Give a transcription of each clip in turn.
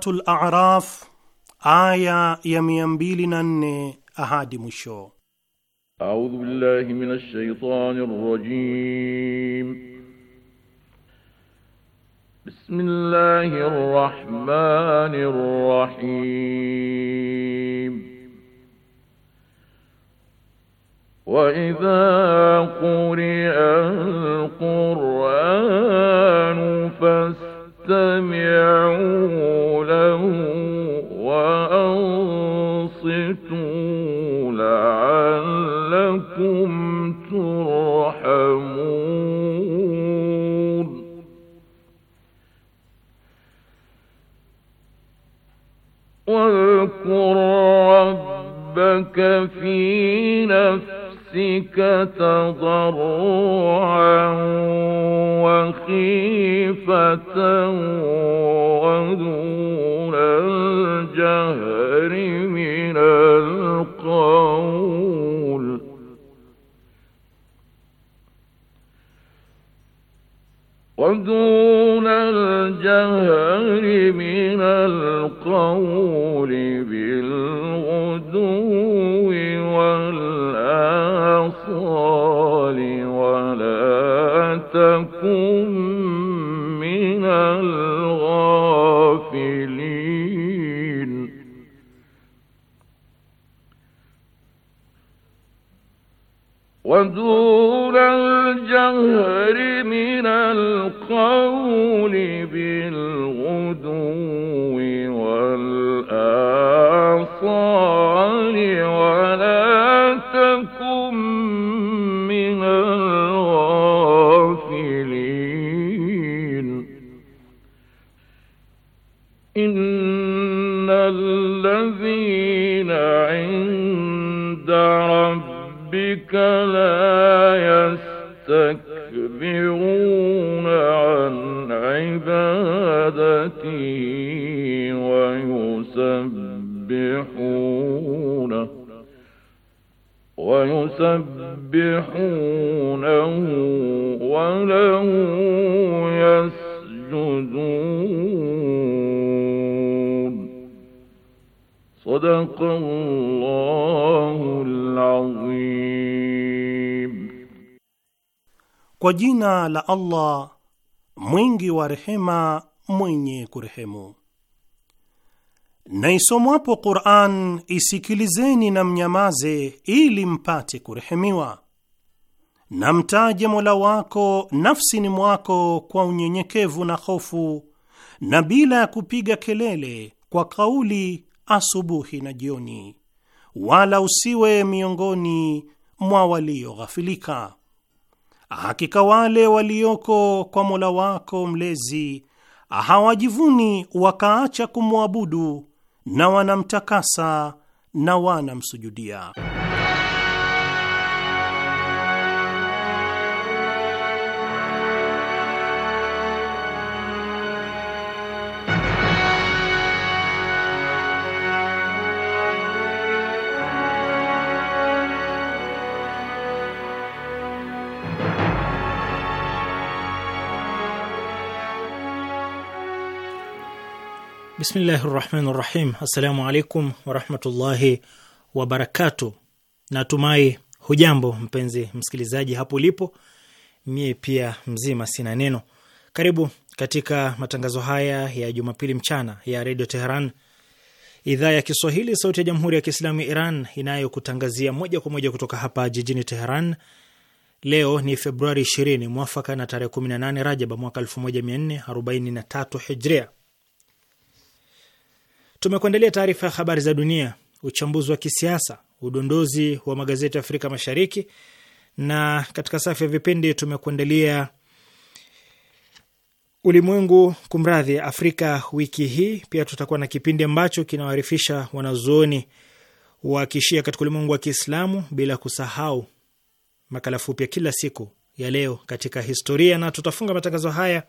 Suratul Araf aya ya mia mbili na nne ahadi mwisho. Audhu billahi minash shaitani rajim. بسم الله الرحمن الرحيم وإذا قرئ القرآن فاستمعوا لعلكم ترحمون واذكر ربك في نفسك تضرعا وخيفة ودون الجهر دون الجهر من القول الطعن ولا تكن من الغافلين إن الذين عند ربك لا يستكبرون عن عبادته يسبحونه وله يسجدون صدق الله العظيم Kwa jina la Allah mwingi wa rehema mwenye kurehemu. Na isomwapo Qur'an isikilizeni na mnyamaze, ili mpate kurehemiwa. Na mtaje Mola wako nafsini mwako kwa unyenyekevu na hofu, na bila ya kupiga kelele, kwa kauli asubuhi na jioni, wala usiwe miongoni mwa walioghafilika. Hakika wale walioko kwa Mola wako mlezi hawajivuni wakaacha kumwabudu na wanamtakasa na wanamsujudia. Bismillahi rahmani rahim. Assalamu alaikum warahmatullahi wabarakatu. Natumai hujambo mpenzi msikilizaji hapo ulipo, mie pia mzima, sina neno. Karibu katika matangazo haya ya Jumapili mchana ya Redio Teheran, idhaa ya Kiswahili, sauti ya Jamhuri ya Kiislamu ya Iran inayokutangazia moja kwa moja kutoka hapa jijini Teheran. Leo ni Februari 20 mwafaka na tarehe 18 Rajaba mwaka 1443 Hijria. Tumekuandalia taarifa ya habari za dunia, uchambuzi wa kisiasa, udondozi wa magazeti ya Afrika Mashariki, na katika safu ya vipindi tumekuandalia ulimwengu kumradhi, Afrika wiki hii. Pia tutakuwa na kipindi ambacho kinawaarifisha wanazuoni wa kishia katika ulimwengu wa Kiislamu, bila kusahau makala fupi ya kila siku ya leo katika historia, na tutafunga matangazo haya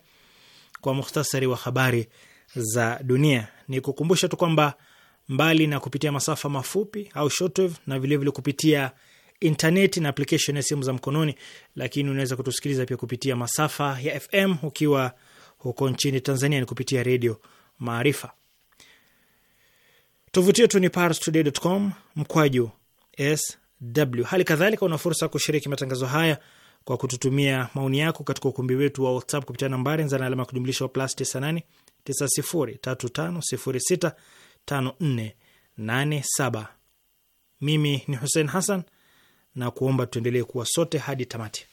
kwa muhtasari wa habari za dunia. Ni kukumbusha tu kwamba mbali na kupitia masafa mafupi au shortwave na vilevile vile kupitia intaneti na application ya simu za mkononi, lakini unaweza kutusikiliza pia kupitia masafa ya FM ukiwa huko nchini Tanzania ni kupitia redio Maarifa. Tovuti yetu ni parstoday.com mkwaju sw. Hali kadhalika una fursa ya kushiriki matangazo haya kwa kututumia maoni yako katika ukumbi wetu wa WhatsApp kupitia nambari zana alama ya kujumlisha wa plus 98 9035065487. Mimi ni Hussein Hassan na kuomba tuendelee kuwa sote hadi tamati.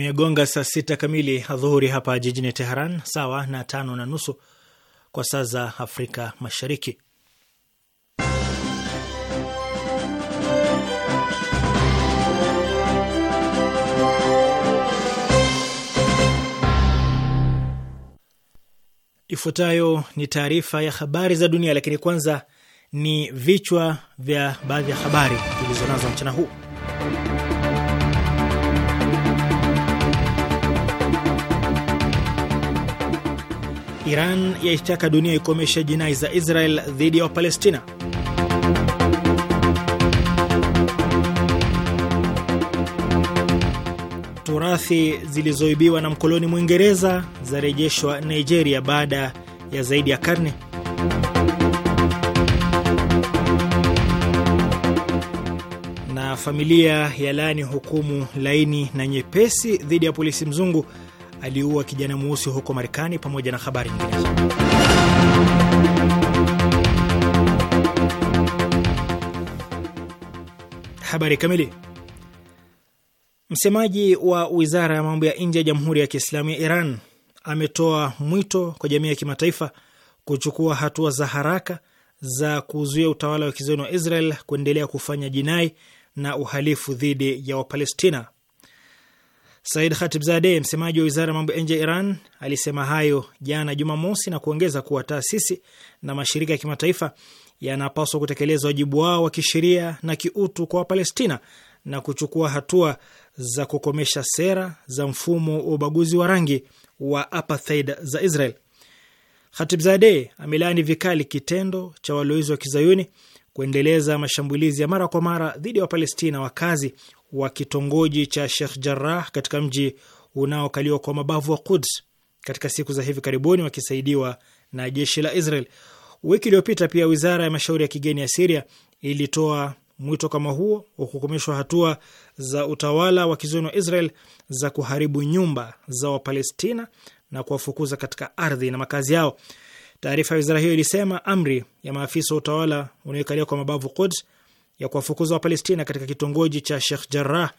Imegonga saa sita kamili adhuhuri hapa jijini Teheran, sawa na tano na nusu kwa saa za Afrika Mashariki. Ifuatayo ni taarifa ya habari za dunia, lakini kwanza ni vichwa vya baadhi ya habari tulizonazo mchana huu. Iran yaitaka dunia ikomeshe jinai za Israel dhidi ya Wapalestina. Turathi zilizoibiwa na mkoloni Mwingereza zarejeshwa Nigeria baada ya zaidi ya karne. Na familia ya laani hukumu laini na nyepesi dhidi ya polisi mzungu aliua kijana mweusi huko Marekani, pamoja na habari nyinginezo. Habari kamili. Msemaji wa wizara ya mambo ya nje ya Jamhuri ya Kiislamu ya Iran ametoa mwito kwa jamii ya kimataifa kuchukua hatua za haraka za kuzuia utawala wa kizayuni wa Israel kuendelea kufanya jinai na uhalifu dhidi ya Wapalestina. Said Khatibzadeh, msemaji wa wizara ya mambo ya nje ya Iran, alisema hayo jana Jumamosi na kuongeza kuwa taasisi na mashirika ya kimataifa yanapaswa kutekeleza wajibu wao wa kisheria na kiutu kwa Wapalestina na kuchukua hatua za kukomesha sera za mfumo wa ubaguzi wa rangi wa apartheid za Israel. Khatibzadeh amelaani vikali kitendo cha walowezi wa kizayuni kuendeleza mashambulizi ya mara kwa mara dhidi ya Wapalestina wakazi wa kitongoji cha Sheikh Jarrah katika mji unaokaliwa kwa mabavu wa Quds katika siku za hivi karibuni wakisaidiwa na jeshi la Israel. Wiki iliyopita pia wizara ya mashauri ya kigeni ya Siria ilitoa mwito kama huo wa kukomeshwa hatua za utawala wa kizoni wa Israel za kuharibu nyumba za Wapalestina na kuwafukuza katika ardhi na makazi yao. Taarifa ya wizara hiyo ilisema amri ya maafisa wa utawala unaoikalia kwa mabavu Quds ya kuwafukuza Wapalestina katika kitongoji cha Sheikh Jarrah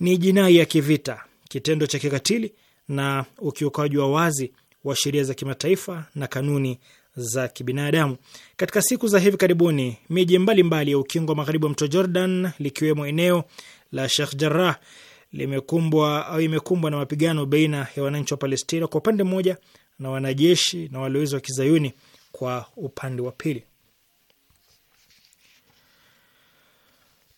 ni jinai ya kivita, kitendo cha kikatili na ukiukaji wa wazi wa sheria za kimataifa na kanuni za kibinadamu. Katika siku za hivi karibuni, miji mbalimbali ya ukingo wa magharibi wa mto Jordan, likiwemo eneo la Sheikh Jarrah, limekumbwa au imekumbwa na mapigano baina ya wananchi wa Palestina kwa upande mmoja na wanajeshi na walowezi wa kizayuni kwa upande wa pili.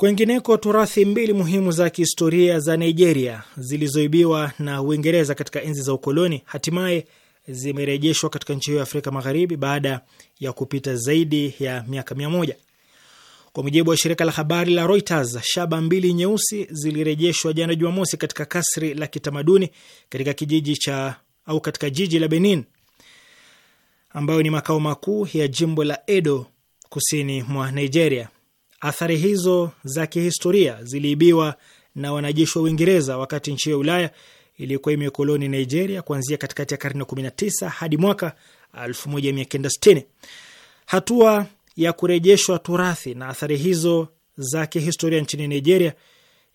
Kwengineko, turathi mbili muhimu za kihistoria za Nigeria zilizoibiwa na Uingereza katika enzi za ukoloni hatimaye zimerejeshwa katika nchi hiyo ya Afrika Magharibi baada ya kupita zaidi ya miaka mia moja. Kwa mujibu wa shirika la habari la Reuters, shaba mbili nyeusi zilirejeshwa jana Jumamosi katika kasri la kitamaduni katika kijiji cha au katika jiji la Benin ambayo ni makao makuu ya jimbo la Edo kusini mwa Nigeria. Athari hizo za kihistoria ziliibiwa na wanajeshi wa Uingereza wakati nchi ya Ulaya iliyokuwa imekoloni Nigeria kuanzia katikati ya karne 19 hadi mwaka 1960. Hatua ya kurejeshwa turathi na athari hizo za kihistoria nchini Nigeria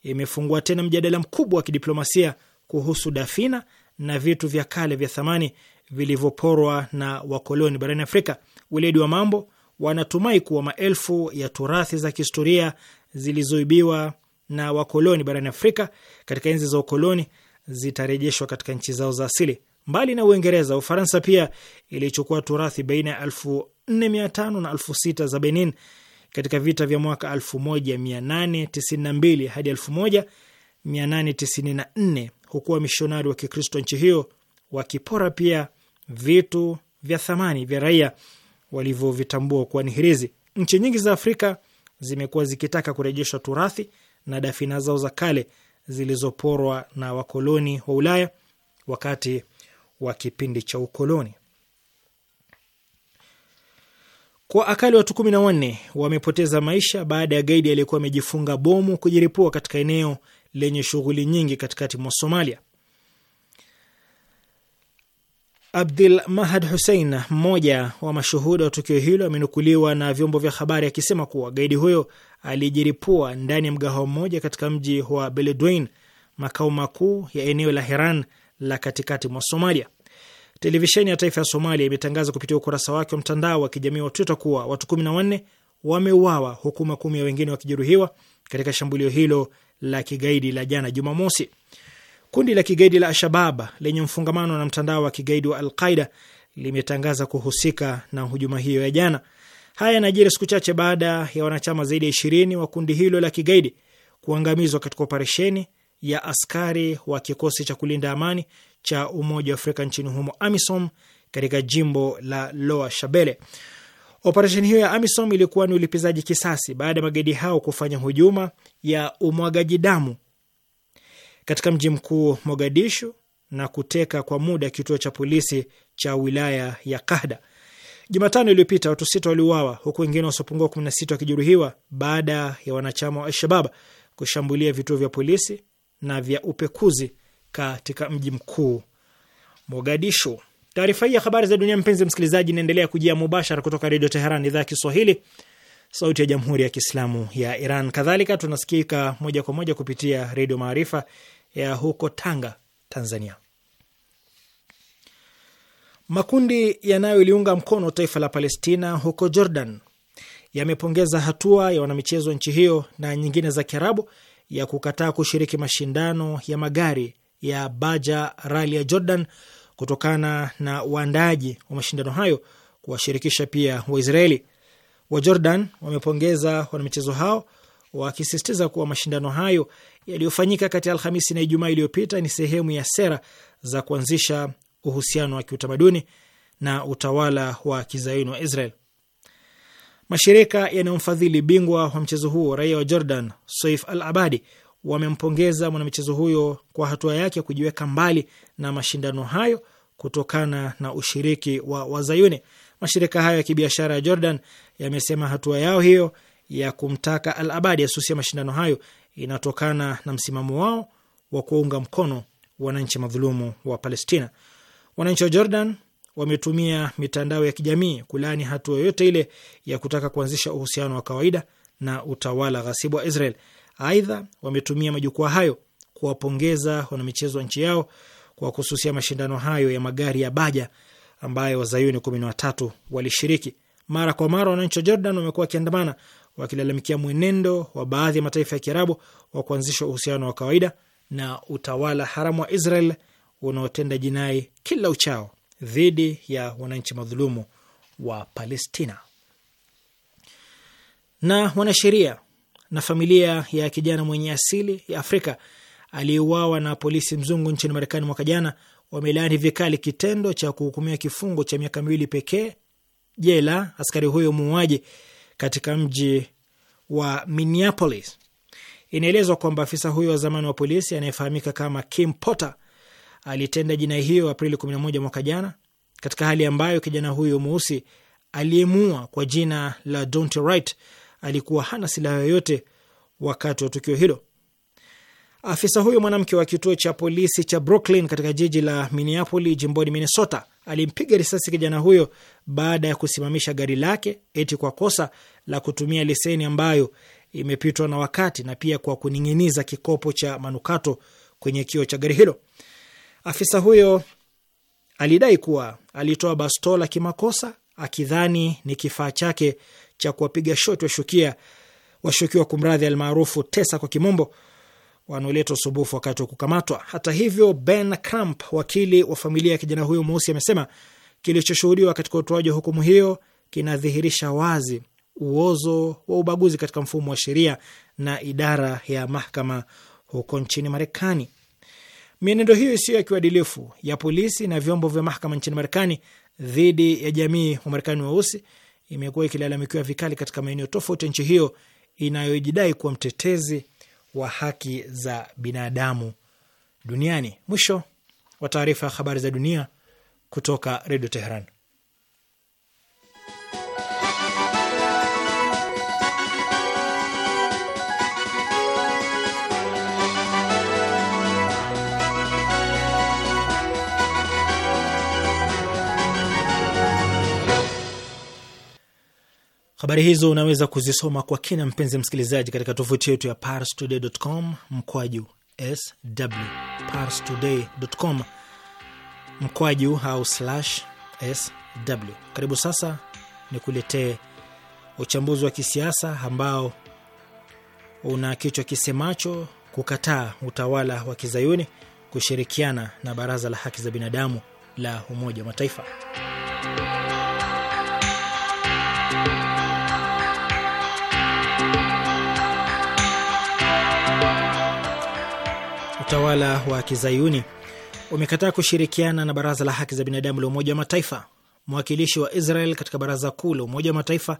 imefungua tena mjadala mkubwa wa kidiplomasia kuhusu dafina na vitu vya kale vya thamani vilivyoporwa na wakoloni barani Afrika. Weledi wa mambo wanatumai kuwa maelfu ya turathi za kihistoria zilizoibiwa na wakoloni barani Afrika katika enzi za ukoloni zitarejeshwa katika nchi zao za asili. Mbali na Uingereza, Ufaransa pia ilichukua turathi baina ya 4500 na 6000 za Benin katika vita vya mwaka 1892 hadi 1894, huku wamishonari wa Kikristo nchi hiyo wakipora pia vitu vya thamani vya raia walivyovitambua kuwa ni hirizi. Nchi nyingi za Afrika zimekuwa zikitaka kurejeshwa turathi na dafina zao za kale zilizoporwa na wakoloni wa Ulaya wakati wa kipindi cha ukoloni. Kwa akali watu kumi na wanne wamepoteza maisha baada ya gaidi aliyekuwa amejifunga bomu kujiripua katika eneo lenye shughuli nyingi katikati mwa Somalia. Abdul Mahad Hussein, mmoja wa mashuhuda wa tukio hilo, amenukuliwa na vyombo vya habari akisema kuwa gaidi huyo alijiripua ndani ya mgahawa mmoja katika mji wa Beledweyne, makao makuu ya eneo la Hiran la katikati mwa Somalia. Televisheni ya taifa ya Somalia imetangaza kupitia ukurasa wake wa mtandao wa kijamii wa Twitter kuwa watu kumi na wanne wameuawa huku makumi ya wengine wakijeruhiwa katika shambulio hilo la kigaidi la jana Jumamosi. Kundi la kigaidi la Alshababa lenye mfungamano na mtandao wa kigaidi wa Alqaida limetangaza kuhusika na hujuma hiyo ya jana. Haya yanajiri siku chache baada ya wanachama zaidi ya ishirini wa kundi hilo la kigaidi kuangamizwa katika operesheni ya askari wa kikosi cha kulinda amani cha Umoja wa Afrika nchini humo, AMISOM, katika jimbo la Loa Shabele. Operesheni hiyo ya AMISOM ilikuwa ni ulipizaji kisasi baada ya magaidi hao kufanya hujuma ya umwagaji damu katika mji mkuu Mogadishu na kuteka kwa muda kituo cha polisi cha wilaya ya Kahda. Jumatano iliyopita watu sita waliuawa huku wengine wasiopungua kumi na sita wakijeruhiwa baada ya wanachama wa Alshabab kushambulia vituo vya polisi na vya upekuzi katika mji mkuu Mogadishu. Taarifa hii ya habari za dunia, mpenzi msikilizaji, inaendelea kujia mubashara kutoka Redio Teheran, idhaa ya Kiswahili, sauti ya Jamhuri ya Kiislamu ya Iran. Kadhalika tunasikika moja kwa moja kupitia Redio Maarifa ya huko Tanga, Tanzania. Makundi yanayoliunga mkono taifa la Palestina huko Jordan yamepongeza hatua ya wanamichezo nchi hiyo na nyingine za Kiarabu ya kukataa kushiriki mashindano ya magari ya Baja Rali ya Jordan kutokana na uandaji wa mashindano hayo kuwashirikisha pia Waisraeli. Wajordan wamepongeza wanamichezo hao wakisisitiza kuwa mashindano hayo yaliyofanyika kati ya Alhamisi na Ijumaa iliyopita ni sehemu ya sera za kuanzisha uhusiano wa kiutamaduni na utawala wa kizayuni wa Israel. Mashirika yanayomfadhili bingwa wa mchezo huo raia wa Jordan Soif Al Abadi wamempongeza mwanamchezo huyo kwa hatua yake ya kujiweka mbali na mashindano hayo kutokana na ushiriki wa Wazayuni. Mashirika hayo ya kibiashara ya Jordan yamesema hatua yao hiyo ya kumtaka Al Abadi asusia mashindano hayo inatokana na msimamo wao wa kuunga mkono wananchi madhulumu wa Palestina. Wananchi wa Jordan wametumia mitandao ya kijamii kulaani hatua yoyote ile ya kutaka kuanzisha uhusiano wa kawaida na utawala ghasibu wa Israel. Aidha, wametumia majukwaa hayo kuwapongeza wanamichezo wa nchi yao kwa kususia mashindano hayo ya magari ya baja ambayo wazayuni kumi na watatu walishiriki. Mara kwa mara wananchi wa Jordan wamekuwa wakiandamana wakilalamikia mwenendo wa baadhi ya mataifa ya Kiarabu wa kuanzisha uhusiano wa kawaida na utawala haramu wa Israel unaotenda jinai kila uchao dhidi ya wananchi madhulumu wa Palestina. Na mwanasheria na familia ya kijana mwenye asili ya Afrika aliyeuawa na polisi mzungu nchini Marekani mwaka jana wamelaani vikali kitendo cha kuhukumia kifungo cha miaka miwili pekee jela askari huyo muuaji katika mji wa Minneapolis. Inaelezwa kwamba afisa huyo wa zamani wa polisi anayefahamika kama Kim Potter alitenda jinai hiyo Aprili 11 mwaka jana, katika hali ambayo kijana huyo mweusi aliyemua kwa jina la Donte Wright alikuwa hana silaha yoyote wakati wa tukio hilo. Afisa huyo mwanamke wa kituo cha polisi cha Brooklyn katika jiji la Minneapolis, jimboni Minnesota, alimpiga risasi kijana huyo baada ya kusimamisha gari lake eti kwa kosa la kutumia leseni ambayo imepitwa na wakati na pia kwa kuning'iniza kikopo cha manukato kwenye kio cha gari hilo. Afisa huyo alidai kuwa alitoa bastola kimakosa akidhani ni kifaa chake cha kuwapiga shoti washukiwa, kumradhi, almaarufu tesa kwa kimombo, wanaoleta usumbufu wakati wa kukamatwa. Hata hivyo, Ben Crump, wakili wa familia ya kijana huyo mweusi, amesema kilichoshuhudiwa katika utoaji wa hukumu hiyo kinadhihirisha wazi uozo wa ubaguzi katika mfumo wa sheria na idara ya mahakama huko nchini Marekani. Mienendo hiyo isiyo ya kiuadilifu ya polisi na vyombo vya mahakama nchini Marekani dhidi ya jamii wa Marekani weusi imekuwa ikilalamikiwa vikali katika maeneo tofauti ya nchi hiyo inayojidai kuwa mtetezi wa haki za binadamu duniani. Mwisho wa taarifa ya habari za dunia kutoka Redio Teheran. Habari hizo unaweza kuzisoma kwa kina, mpenzi msikilizaji, katika tovuti yetu ya parstoday.com mkwaju sw, parstoday.com mkwaju au slash sw. Karibu sasa ni kuletee uchambuzi wa kisiasa ambao una kichwa kisemacho kukataa utawala wa kizayuni kushirikiana na baraza la haki za binadamu la Umoja wa Mataifa. utawala wa kizayuni umekataa kushirikiana na baraza la haki za binadamu la Umoja wa Mataifa. Mwakilishi wa Israel katika baraza kuu la Umoja wa Mataifa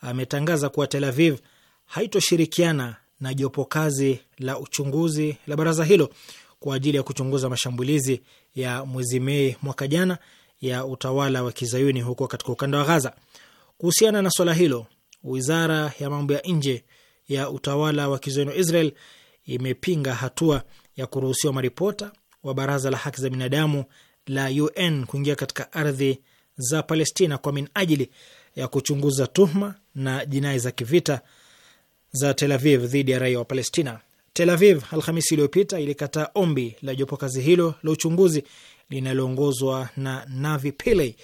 ametangaza kuwa Tel Aviv haitoshirikiana na jopo kazi la uchunguzi la baraza hilo kwa ajili ya kuchunguza mashambulizi ya mwezi Mei mwaka jana ya utawala wa kizayuni huko katika ukanda wa Gaza. Kuhusiana na swala hilo, wizara ya mambo ya nje ya utawala wa kizayuni wa Israel imepinga hatua ya kuruhusiwa maripota wa baraza la haki za binadamu la UN kuingia katika ardhi za Palestina kwa minajili ya kuchunguza tuhuma na jinai za kivita za Tel Aviv dhidi ya raia wa Palestina. Tel Aviv Alhamisi iliyopita ilikataa ombi la jopo kazi hilo la uchunguzi linaloongozwa na Navi Pillay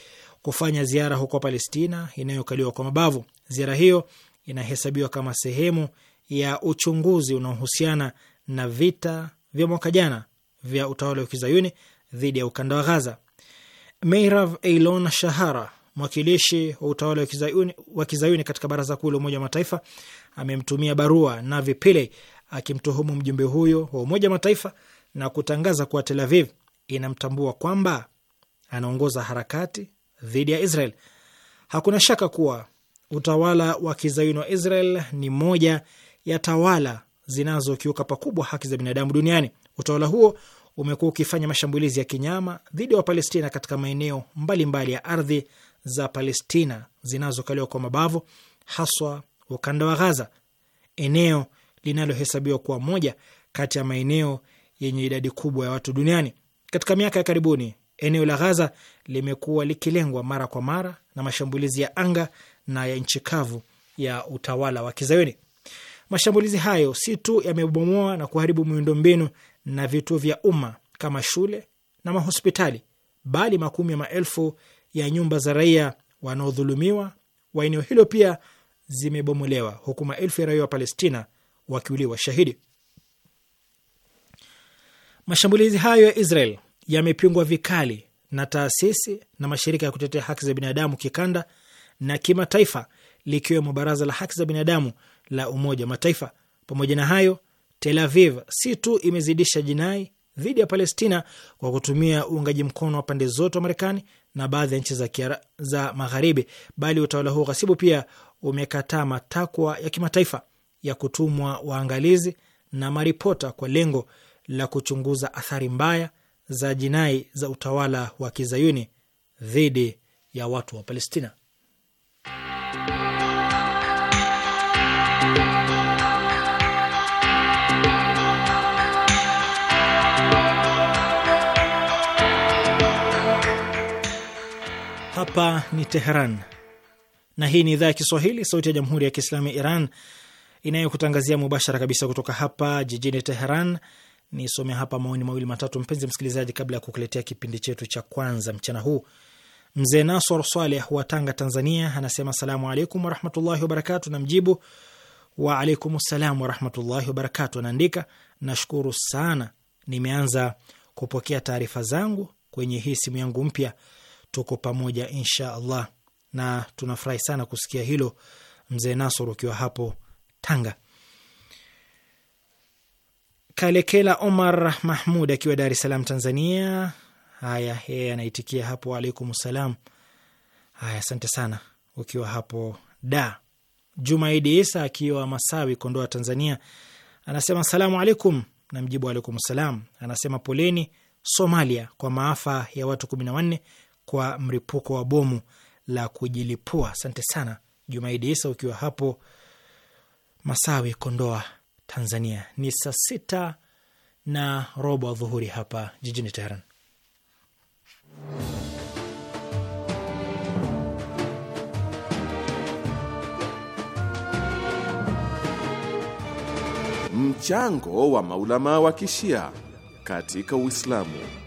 kufanya ziara huko Palestina inayokaliwa kwa mabavu. Ziara hiyo inahesabiwa kama sehemu ya uchunguzi unaohusiana na vita vya mwaka jana vya utawala wa kizayuni dhidi ya ukanda wa Ghaza. Meirav Eilon Shahara, mwakilishi wa utawala wa kizayuni, wa kizayuni katika baraza kuu la Umoja wa Mataifa amemtumia barua Navi Pillay akimtuhumu mjumbe huyo wa Umoja wa Mataifa na kutangaza kuwa Tel Aviv inamtambua kwamba anaongoza harakati dhidi ya Israel. Hakuna shaka kuwa utawala wa kizayuni wa Israel ni moja ya tawala zinazokiuka pakubwa haki za binadamu duniani. Utawala huo umekuwa ukifanya mashambulizi ya kinyama dhidi ya Wapalestina katika maeneo mbalimbali ya ardhi za Palestina zinazokaliwa kwa mabavu, haswa ukanda wa Ghaza, eneo linalohesabiwa kuwa moja kati ya maeneo yenye idadi kubwa ya watu duniani. Katika miaka ya karibuni, eneo la Ghaza limekuwa likilengwa mara kwa mara na mashambulizi ya anga na ya nchi kavu ya utawala wa Kizayuni. Mashambulizi hayo si tu yamebomoa na kuharibu miundombinu na vituo vya umma kama shule na mahospitali, bali makumi ya maelfu ya nyumba za raia wanaodhulumiwa wa eneo hilo pia zimebomolewa, huku maelfu ya raia wa Palestina wakiuliwa shahidi. Mashambulizi hayo ya Israel yamepingwa vikali na taasisi na mashirika ya kutetea haki za binadamu kikanda na kimataifa, likiwemo Baraza la Haki za Binadamu la Umoja wa Mataifa. Pamoja na hayo, Tel Aviv si tu imezidisha jinai dhidi ya Palestina kwa kutumia uungaji mkono wa pande zote wa Marekani na baadhi ya nchi za, za Magharibi, bali utawala huo ghasibu pia umekataa matakwa ya kimataifa ya kutumwa waangalizi na maripota kwa lengo la kuchunguza athari mbaya za jinai za utawala wa kizayuni dhidi ya watu wa Palestina. Hapa ni Teheran na hii ni idhaa ya Kiswahili, sauti ya jamhuri ya kiislamu ya Iran inayokutangazia mubashara kabisa kutoka hapa jijini Teheran. Nisomea hapa maoni mawili matatu, mpenzi msikilizaji, kabla ya kukuletea kipindi chetu cha kwanza mchana huu. Mzee Nasor Saleh wa Tanga, Tanzania, anasema salamu alaikum warahmatullahi wabarakatu. Namjibu wa alaikum salam warahmatullahi wabarakatu. Anaandika, nashukuru sana, nimeanza kupokea taarifa zangu kwenye hii simu yangu mpya tuko pamoja insha Allah, na tunafurahi sana kusikia hilo, mzee Nasor, ukiwa hapo Tanga. Kalekela Omar Mahmud akiwa Dar es Salaam, Tanzania. Haya, yeye anaitikia hapo, waalaikum salam. Haya, asante sana ukiwa hapo da. Jumaidi Isa akiwa Masawi, Kondoa, Tanzania, anasema salamu alaikum, na mjibu alaikum salam. Anasema poleni Somalia kwa maafa ya watu kumi na wanne kwa mripuko wa bomu la kujilipua. Asante sana Jumaidi Isa, ukiwa hapo Masawi, Kondoa, Tanzania. Ni saa sita na robo adhuhuri hapa jijini Teheran. Mchango wa maulama wa kishia katika Uislamu.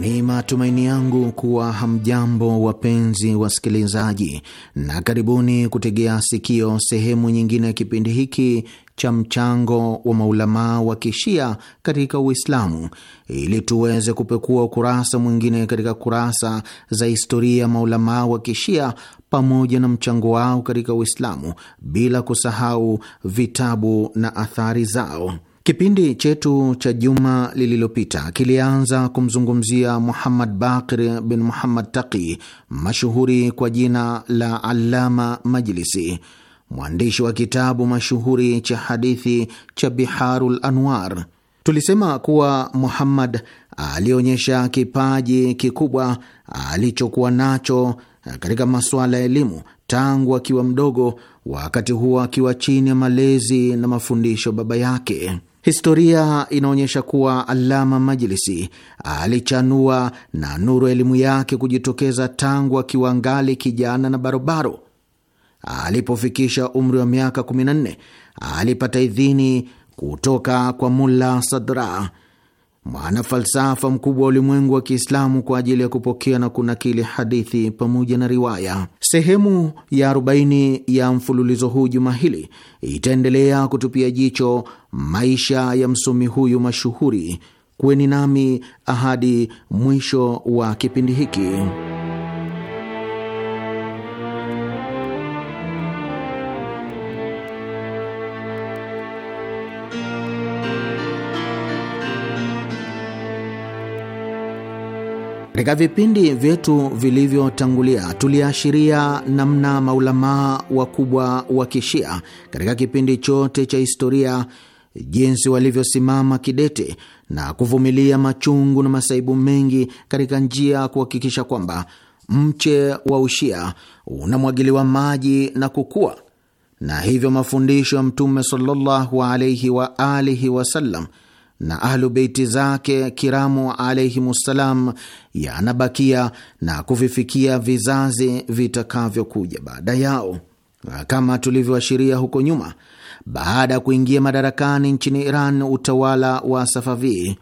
Ni matumaini yangu kuwa hamjambo wapenzi wasikilizaji, na karibuni kutegea sikio sehemu nyingine ya kipindi hiki cha mchango wa maulamaa wa kishia katika Uislamu, ili tuweze kupekua ukurasa mwingine katika kurasa za historia ya maulamaa wa kishia pamoja na mchango wao katika Uislamu, bila kusahau vitabu na athari zao. Kipindi chetu cha juma lililopita kilianza kumzungumzia Muhammad Baqir bin Muhammad Taqi, mashuhuri kwa jina la Allama Majlisi, mwandishi wa kitabu mashuhuri cha hadithi cha Biharul Anwar. Tulisema kuwa Muhammad alionyesha kipaji kikubwa alichokuwa nacho katika masuala ya elimu tangu akiwa mdogo, wakati huo akiwa chini ya malezi na mafundisho baba yake. Historia inaonyesha kuwa Alama Majlisi alichanua na nuru elimu yake kujitokeza tangu akiwa ngali kijana na barobaro. Alipofikisha umri wa miaka 14 alipata idhini kutoka kwa Mulla Sadra mwana falsafa mkubwa wa ulimwengu wa Kiislamu kwa ajili ya kupokea na kunakili hadithi pamoja na riwaya. Sehemu ya 40 ya mfululizo huu juma hili itaendelea kutupia jicho maisha ya msomi huyu mashuhuri. Kuweni nami ahadi mwisho wa kipindi hiki. Katika vipindi vyetu vilivyotangulia tuliashiria namna maulamaa wakubwa wa kishia katika kipindi chote cha historia jinsi walivyosimama kidete na kuvumilia machungu na masaibu mengi katika njia ya kuhakikisha kwamba mche wa ushia unamwagiliwa maji na kukua, na hivyo mafundisho ya Mtume sallallahu alaihi waalihi wasallam na Ahlu Beiti zake kiramu alaihimussalam yanabakia na kuvifikia vizazi vitakavyokuja baada yao. Kama tulivyoashiria huko nyuma, baada ya kuingia madarakani nchini Iran utawala wa Safavi,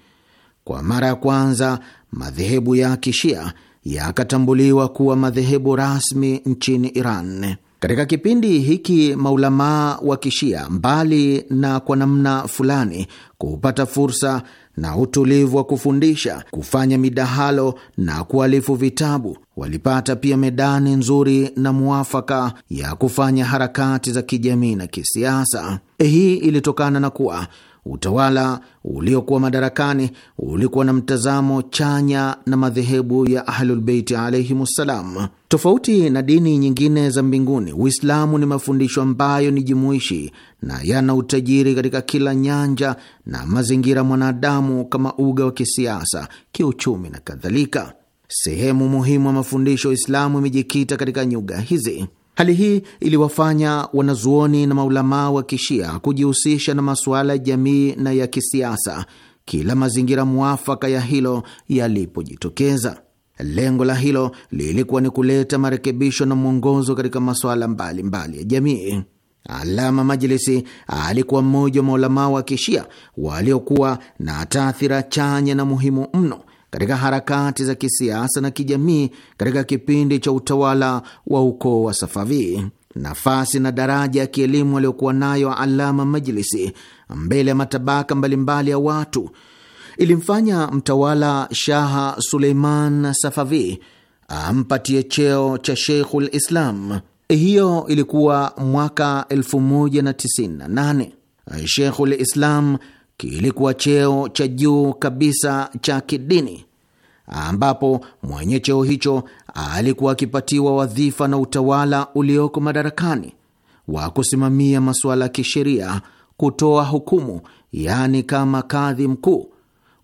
kwa mara ya kwanza madhehebu ya Kishia yakatambuliwa kuwa madhehebu rasmi nchini Iran. Katika kipindi hiki maulamaa wa Kishia, mbali na kwa namna fulani kupata fursa na utulivu wa kufundisha, kufanya midahalo na kualifu vitabu, walipata pia medani nzuri na muafaka ya kufanya harakati za kijamii na kisiasa. Hii ilitokana na kuwa Utawala uliokuwa madarakani ulikuwa na mtazamo chanya na madhehebu ya Ahlulbeiti alaihimussalam. Tofauti na dini nyingine za mbinguni, Uislamu ni mafundisho ambayo ni jumuishi na yana utajiri katika kila nyanja na mazingira mwanadamu, kama uga wa kisiasa, kiuchumi na kadhalika. Sehemu muhimu ya mafundisho ya Uislamu imejikita katika nyuga hizi. Hali hii iliwafanya wanazuoni na maulamaa wa kishia kujihusisha na masuala ya jamii na ya kisiasa kila mazingira mwafaka ya hilo yalipojitokeza. Lengo la hilo lilikuwa ni kuleta marekebisho na mwongozo katika masuala mbalimbali ya jamii. Alama Majlisi alikuwa mmoja wa maulamaa wa kishia waliokuwa na taathira chanya na muhimu mno katika harakati za kisiasa na kijamii katika kipindi cha utawala wa ukoo wa Safavi. Nafasi na daraja ya kielimu aliyokuwa nayo Alama Majlisi mbele ya matabaka mbalimbali ya watu ilimfanya mtawala Shaha Suleiman Safavi ampatie cheo cha Sheikhul Islam. Hiyo ilikuwa mwaka 1098. Sheikhul Islam kilikuwa cheo cha juu kabisa cha kidini, ambapo mwenye cheo hicho alikuwa akipatiwa wadhifa na utawala ulioko madarakani wa kusimamia masuala ya kisheria, kutoa hukumu, yaani kama kadhi mkuu,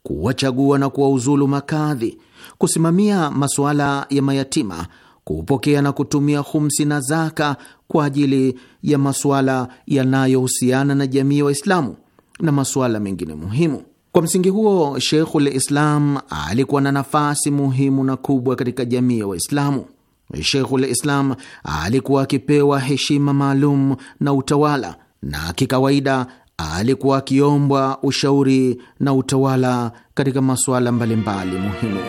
kuwachagua na kuwauzulu makadhi, kusimamia masuala ya mayatima, kupokea na kutumia khumsi na zaka kwa ajili ya masuala yanayohusiana na jamii ya Waislamu na masuala mengine muhimu. Kwa msingi huo, Sheikhul Islam alikuwa na nafasi muhimu na kubwa katika jamii ya Waislamu. Sheikhul Islam alikuwa akipewa heshima maalum na utawala, na kikawaida alikuwa akiombwa ushauri na utawala katika masuala mbalimbali muhimu.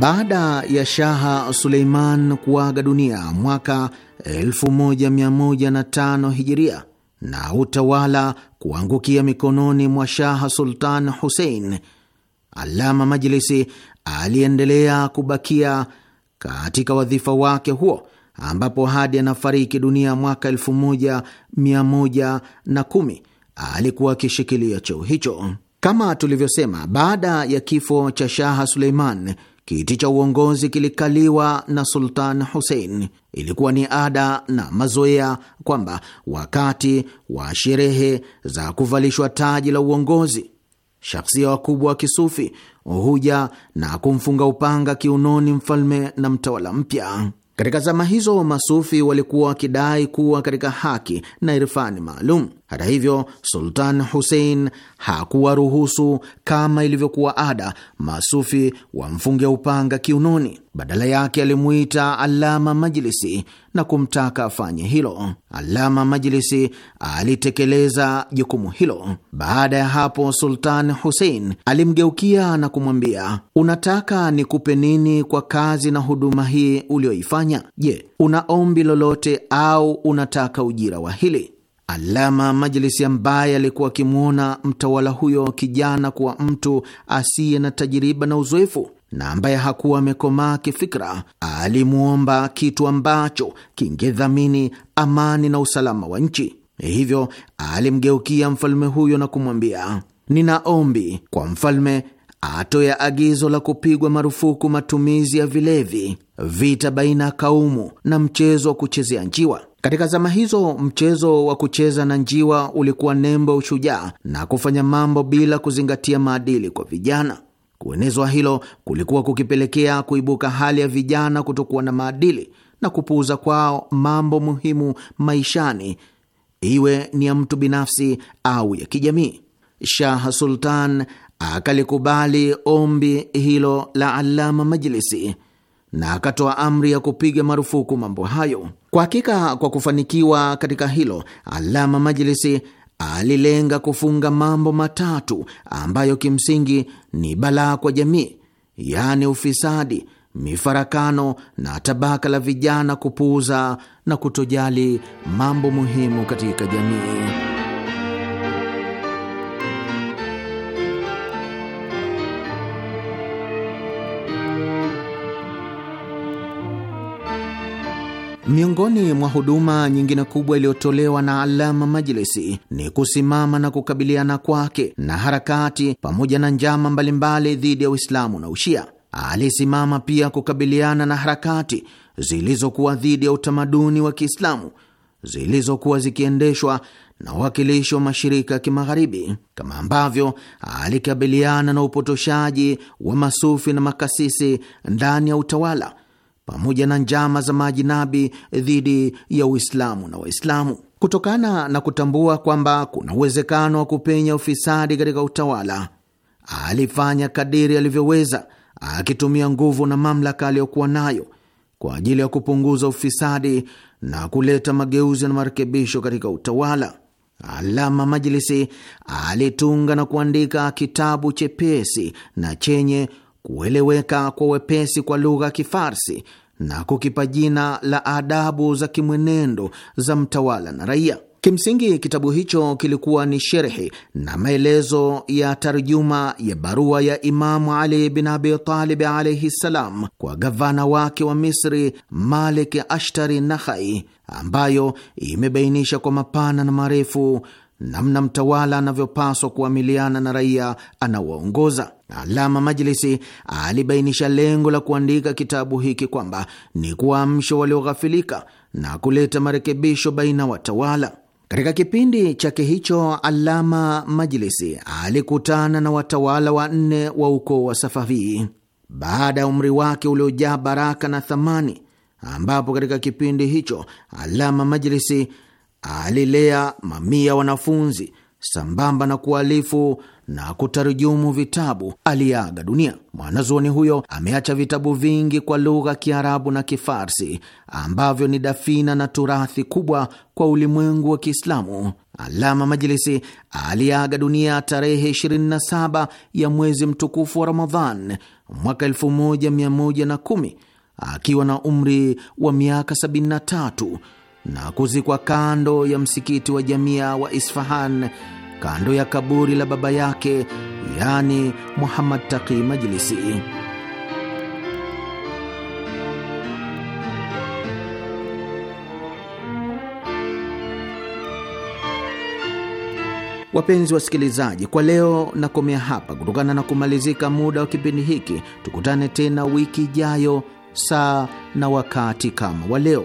Baada ya Shaha Suleiman kuaga dunia mwaka 1105 hijiria na utawala kuangukia mikononi mwa Shaha Sultan husein Alama Majlisi aliendelea kubakia katika wadhifa wake huo ambapo hadi anafariki dunia mwaka 1110 alikuwa akishikilia cheo hicho. Kama tulivyosema, baada ya kifo cha Shaha Suleiman Kiti cha uongozi kilikaliwa na Sultan Hussein. Ilikuwa ni ada na mazoea kwamba wakati wa sherehe za kuvalishwa taji la uongozi, shakhsia wakubwa wa kisufi huja na kumfunga upanga kiunoni mfalme na mtawala mpya. Katika zama hizo, masufi walikuwa wakidai kuwa katika haki na irfani maalum. Hata hivyo, Sultan Hussein hakuwaruhusu kama ilivyokuwa ada masufi wamfunge upanga kiunoni. Badala yake alimuita Alama Majlisi na kumtaka afanye hilo. Alama Majlisi alitekeleza jukumu hilo. Baada ya hapo, Sultan Hussein alimgeukia na kumwambia, unataka nikupe nini kwa kazi na huduma hii uliyoifanya? Je, una ombi lolote au unataka ujira wa hili? Alama Majlisi, ambaye alikuwa akimwona mtawala huyo kijana kuwa mtu asiye na tajiriba na uzoefu na ambaye hakuwa amekomaa kifikra, alimwomba kitu ambacho kingedhamini amani na usalama wa nchi. Hivyo alimgeukia mfalme huyo na kumwambia, nina ombi kwa mfalme atoe agizo la kupigwa marufuku matumizi ya vilevi, vita baina ya kaumu na mchezo wa kuchezea njiwa. Katika zama hizo mchezo wa kucheza na njiwa ulikuwa nembo ya ushujaa na kufanya mambo bila kuzingatia maadili kwa vijana. Kuenezwa hilo kulikuwa kukipelekea kuibuka hali ya vijana kutokuwa na maadili na kupuuza kwao mambo muhimu maishani, iwe ni ya mtu binafsi au ya kijamii. Shah Sultan akalikubali ombi hilo la Alama Majlisi na akatoa amri ya kupiga marufuku mambo hayo. Kwa hakika kwa kufanikiwa katika hilo, Alama Majlisi alilenga kufunga mambo matatu ambayo kimsingi ni balaa kwa jamii, yaani ufisadi, mifarakano na tabaka la vijana kupuuza na kutojali mambo muhimu katika jamii. Miongoni mwa huduma nyingine kubwa iliyotolewa na Alama Majlisi ni kusimama na kukabiliana kwake na harakati pamoja na njama mbalimbali dhidi ya Uislamu na Ushia. Alisimama pia kukabiliana na harakati zilizokuwa dhidi ya utamaduni wa Kiislamu zilizokuwa zikiendeshwa na uwakilishi wa mashirika ya Kimagharibi, kama ambavyo alikabiliana na upotoshaji wa masufi na makasisi ndani ya utawala pamoja na njama za maajinabi dhidi ya Uislamu na Waislamu. Kutokana na kutambua kwamba kuna uwezekano wa kupenya ufisadi katika utawala, alifanya kadiri alivyoweza, akitumia nguvu na mamlaka aliyokuwa nayo kwa ajili ya kupunguza ufisadi na kuleta mageuzi na marekebisho katika utawala. Alama Majlisi alitunga na kuandika kitabu chepesi na chenye kueleweka kwa wepesi kwa lugha ya Kifarsi na kukipa jina la adabu za kimwenendo za mtawala na raia. Kimsingi, kitabu hicho kilikuwa ni sherhi na maelezo ya tarjuma ya barua ya Imamu Ali bin Abi Talib alaihi ssalam kwa gavana wake wa Misri Malik Ashtari Nahai, ambayo imebainisha kwa mapana na marefu namna mtawala anavyopaswa kuamiliana na raia anawaongoza. Alama Majlisi alibainisha lengo la kuandika kitabu hiki kwamba ni kuwaamsha walioghafilika na kuleta marekebisho baina watawala. Katika kipindi chake hicho, Alama Majlisi alikutana na watawala wanne wa ukoo wa Safavii baada ya umri wake uliojaa baraka na thamani, ambapo katika kipindi hicho Alama Majlisi alilea mamia wanafunzi sambamba na kualifu na kutarujumu vitabu. Aliaga dunia. Mwanazuoni huyo ameacha vitabu vingi kwa lugha Kiarabu na Kifarsi ambavyo ni dafina na turathi kubwa kwa ulimwengu wa Kiislamu. Alama Majlisi aliaga dunia tarehe 27 ya mwezi mtukufu wa Ramadhan mwaka 1110 akiwa na umri wa miaka 73 na kuzikwa kando ya msikiti wa Jamia wa Isfahan, kando ya kaburi la baba yake, yani Muhammad Taqi Majlisi. Wapenzi wasikilizaji, kwa leo nakomea hapa kutokana na kumalizika muda wa kipindi hiki. Tukutane tena wiki ijayo, saa na wakati kama wa leo.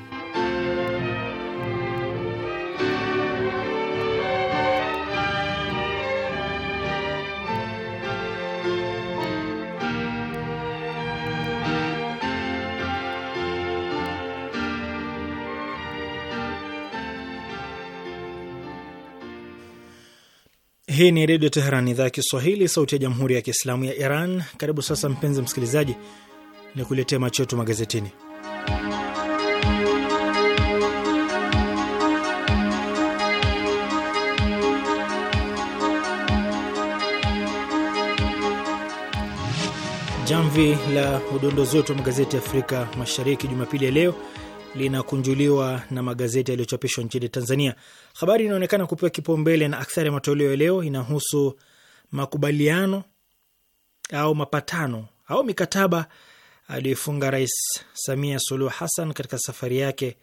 Hii ni Redio Teheran, idhaa ya Kiswahili, sauti ya Jamhuri ya Kiislamu ya Iran. Karibu sasa, mpenzi msikilizaji, ni kuletea macho yetu magazetini. Jamvi la udondozi wetu wa magazeti ya Afrika Mashariki Jumapili ya leo linakunjuliwa na magazeti yaliyochapishwa nchini Tanzania. Habari inaonekana kupewa kipaumbele na akthari ya matoleo ya leo inahusu makubaliano au mapatano au mikataba aliyoifunga Rais Samia Suluhu Hassan katika safari yake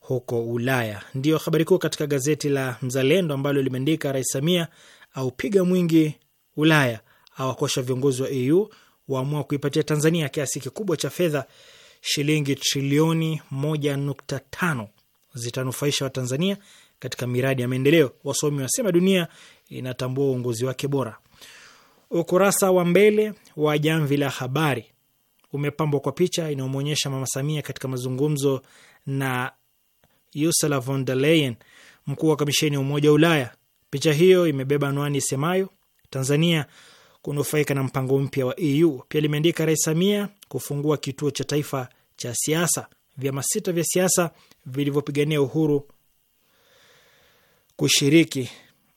huko Ulaya. Ndiyo habari kuu katika gazeti la Mzalendo ambalo limeandika Rais Samia au piga mwingi Ulaya awakosha viongozi wa EU waamua kuipatia Tanzania kiasi kikubwa cha fedha shilingi trilioni 1.5 zitanufaisha Watanzania katika miradi ya maendeleo. Wasomi wasema dunia inatambua uongozi wake bora. Ukurasa wa mbele wa Jamvi la Habari umepambwa kwa picha inayomwonyesha Mama Samia katika mazungumzo na Ursula von der Leyen, mkuu wa kamisheni ya Umoja wa Ulaya. Picha hiyo imebeba anwani isemayo Tanzania kunufaika na mpango mpya wa EU. Pia limeandika Rais Samia kufungua kituo cha taifa cha siasa. Vyama sita vya siasa vilivyopigania uhuru kushiriki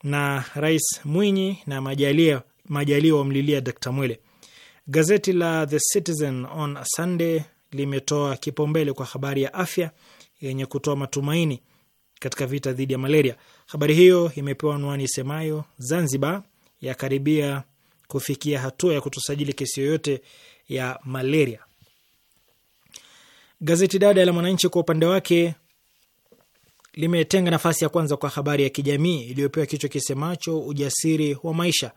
na Rais Mwinyi na majalia Majaliwa wamlilia Dkt Mwile. Gazeti la The Citizen on Sunday limetoa kipaumbele kwa habari ya afya yenye kutoa matumaini katika vita dhidi ya malaria. Habari hiyo imepewa anwani isemayo Zanzibar yakaribia kufikia hatua ya kutosajili kesi yoyote ya malaria. Gazeti dada la Mwananchi kwa upande wake limetenga nafasi ya kwanza kwa habari ya kijamii iliyopewa kichwa kisemacho ujasiri wa maisha.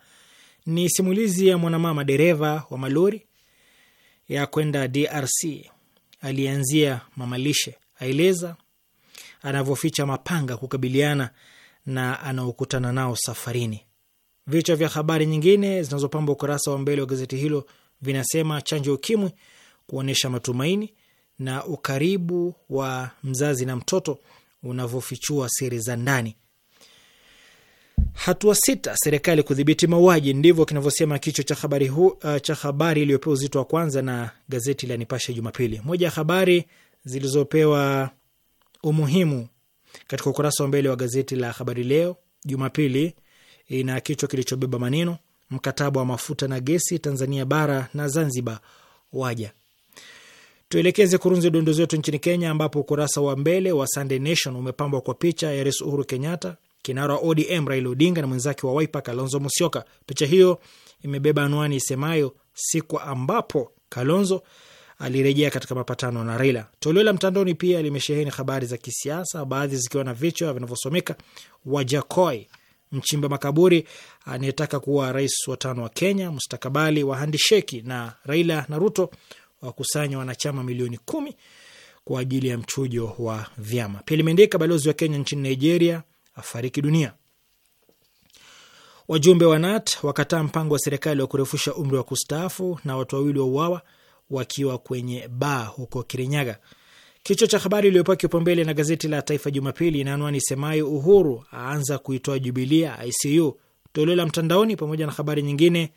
Ni simulizi ya mwanamama dereva wa malori ya kwenda DRC alianzia mamalishe, aeleza anavyoficha mapanga kukabiliana na anaokutana nao safarini. Vichwa vya habari nyingine zinazopamba ukurasa wa mbele wa gazeti hilo vinasema chanjo ya ukimwi kuonyesha matumaini na ukaribu wa mzazi na mtoto unavyofichua siri za ndani. Hatua sita serikali kudhibiti mauaji, ndivyo kinavyosema kichwa cha habari hu, uh, cha habari iliyopewa uzito wa kwanza na gazeti la Nipashe Jumapili. Moja ya habari zilizopewa umuhimu katika ukurasa wa mbele wa gazeti la Habari Leo Jumapili ina kichwa kilichobeba maneno mkataba wa mafuta na gesi Tanzania bara na Zanzibar waja. Tuelekeze kurunzi dondo zetu nchini Kenya, ambapo ukurasa wa mbele wa Sunday Nation umepambwa kwa picha ya Rais Uhuru Kenyatta, kinara wa ODM Raila Odinga na mwenzake wa Wiper Kalonzo Musyoka. Picha hiyo imebeba anwani isemayo siku ambapo Kalonzo alirejea katika mapatano na Raila. Toleo la mtandaoni pia limesheheni habari za kisiasa, baadhi zikiwa na vichwa vinavyosomeka Wajakoi mchimba makaburi anayetaka kuwa rais wa tano wa Kenya, mustakabali wa handisheki na Raila na Ruto wakusanya wanachama milioni kumi kwa ajili ya mchujo wa vyama. Pia limeandika balozi wa Kenya nchini Nigeria afariki dunia. Wajumbe wa NAT wakataa mpango wa serikali wa kurefusha umri wa kustaafu, na watu wawili wauawa wakiwa kwenye baa huko Kirinyaga. Kichwa cha habari iliyopewa kipaumbele na gazeti la Taifa Jumapili ina anwani semayo Uhuru aanza kuitoa Jubilia ICU. Toleo la mtandaoni pamoja na habari nyingine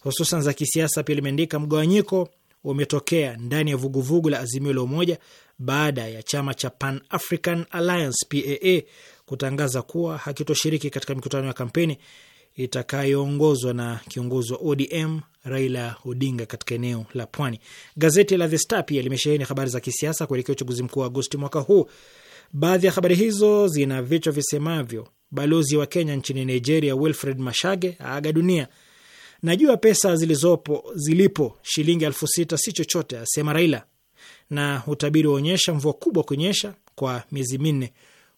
hususan za kisiasa pia limeandika mgawanyiko umetokea ndani ya vuguvugu la Azimio la Umoja baada ya chama cha Pan African Alliance PAA kutangaza kuwa hakitoshiriki katika mikutano ya kampeni itakayoongozwa na kiongozi wa ODM Raila Odinga katika eneo la Pwani. Gazeti la The Star pia limesheheni habari za kisiasa kuelekea uchaguzi mkuu wa Agosti mwaka huu. Baadhi ya habari hizo zina vichwa visemavyo: balozi wa Kenya nchini Nigeria Wilfred Mashage aaga dunia, najua pesa zilizopo zilipo shilingi elfu sita si chochote, asema Raila, na utabiri waonyesha mvua kubwa kunyesha kwa miezi minne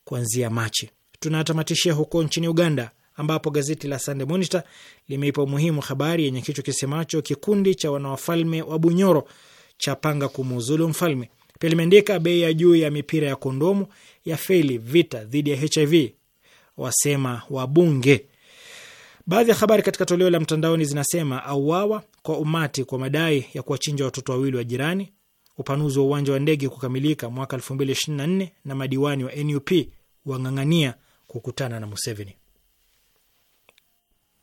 kuanzia Machi. Tunatamatishia huko nchini Uganda ambapo gazeti la Sunday Monitor limeipa umuhimu habari yenye kichwa kisemacho kikundi cha wanawafalme wa Bunyoro cha panga kumuuzulu mfalme. Pia limeandika bei ya juu ya mipira ya kondomu ya feli vita dhidi ya HIV wasema wabunge. Baadhi ya habari katika toleo la mtandaoni zinasema auawa kwa umati kwa madai ya kuwachinja watoto wawili wa jirani, upanuzi wa uwanja wa ndege kukamilika mwaka 2024 na madiwani wa NUP wang'ang'ania kukutana na Museveni.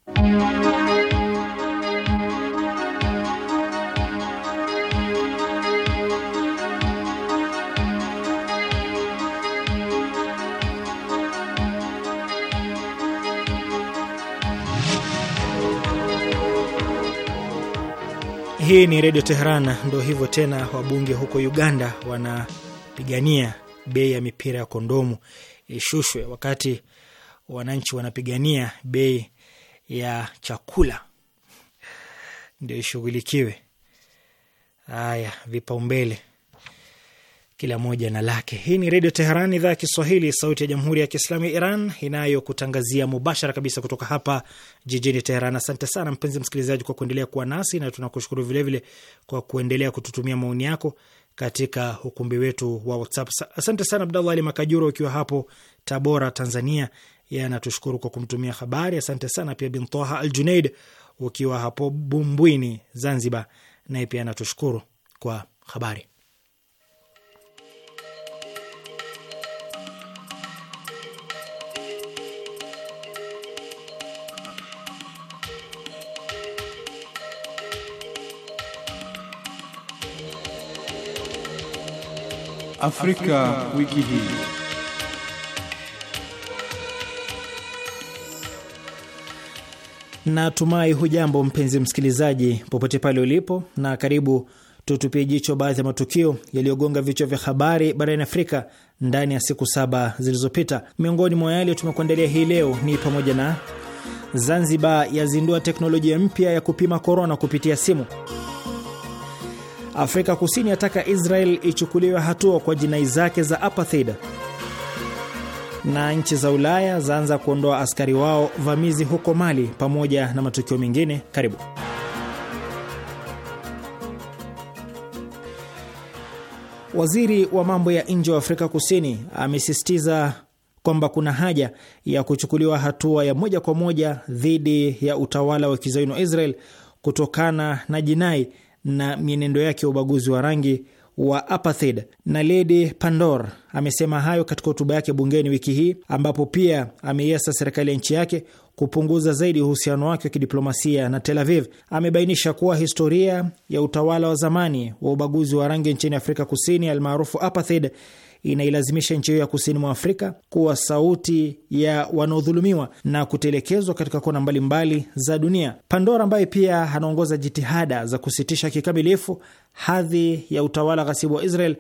Hii ni Redio Teheran. Ndo hivyo tena, wabunge huko Uganda wanapigania bei ya mipira ya kondomu ishushwe, wakati wananchi wanapigania bei ya chakula ndio ishughulikiwe. Haya, vipaumbele kila moja na lake. Hii ni Redio Teheran, idhaa ya Kiswahili, sauti ya Jamhuri ya Kiislamu ya Iran, inayokutangazia mubashara kabisa kutoka hapa jijini Teheran. Asante sana mpenzi msikilizaji kwa kuendelea kuwa nasi na tunakushukuru vilevile kwa kuendelea kututumia maoni yako katika ukumbi wetu wa WhatsApp. Asante sana Abdallah Ali Makajuro, ukiwa hapo Tabora, Tanzania yeye anatushukuru kwa kumtumia habari. Asante sana pia bin Toha al Junaid, ukiwa hapo Bumbwini, Zanzibar, naye pia anatushukuru kwa habari. Afrika, Afrika wiki hii. Natumai hujambo mpenzi msikilizaji, popote pale ulipo, na karibu tutupie jicho baadhi ya matukio yaliyogonga vichwa vya habari barani Afrika ndani ya siku saba zilizopita. Miongoni mwa yale tumekuandalia hii leo ni pamoja na Zanzibar yazindua teknolojia mpya ya kupima korona kupitia simu, Afrika Kusini yataka Israel ichukuliwe hatua kwa jinai zake za apartheid, na nchi za Ulaya zaanza kuondoa askari wao vamizi huko Mali, pamoja na matukio mengine. Karibu. Waziri wa mambo ya nje wa Afrika Kusini amesisitiza kwamba kuna haja ya kuchukuliwa hatua ya moja kwa moja dhidi ya utawala wa kizayuni wa Israel kutokana na jinai na mienendo yake ya ubaguzi wa rangi wa apartheid ledi Pandor amesema hayo katika hotuba yake bungeni wiki hii, ambapo pia ameiasa serikali ya nchi yake kupunguza zaidi uhusiano wake wa kidiplomasia na Tel Aviv. Amebainisha kuwa historia ya utawala wa zamani wa ubaguzi wa rangi nchini Afrika Kusini almaarufu apartheid inailazimisha nchi hiyo ya kusini mwa Afrika kuwa sauti ya wanaodhulumiwa na kutelekezwa katika kona mbalimbali za dunia. Pandora ambaye pia anaongoza jitihada za kusitisha kikamilifu hadhi ya utawala ghasibu wa Israel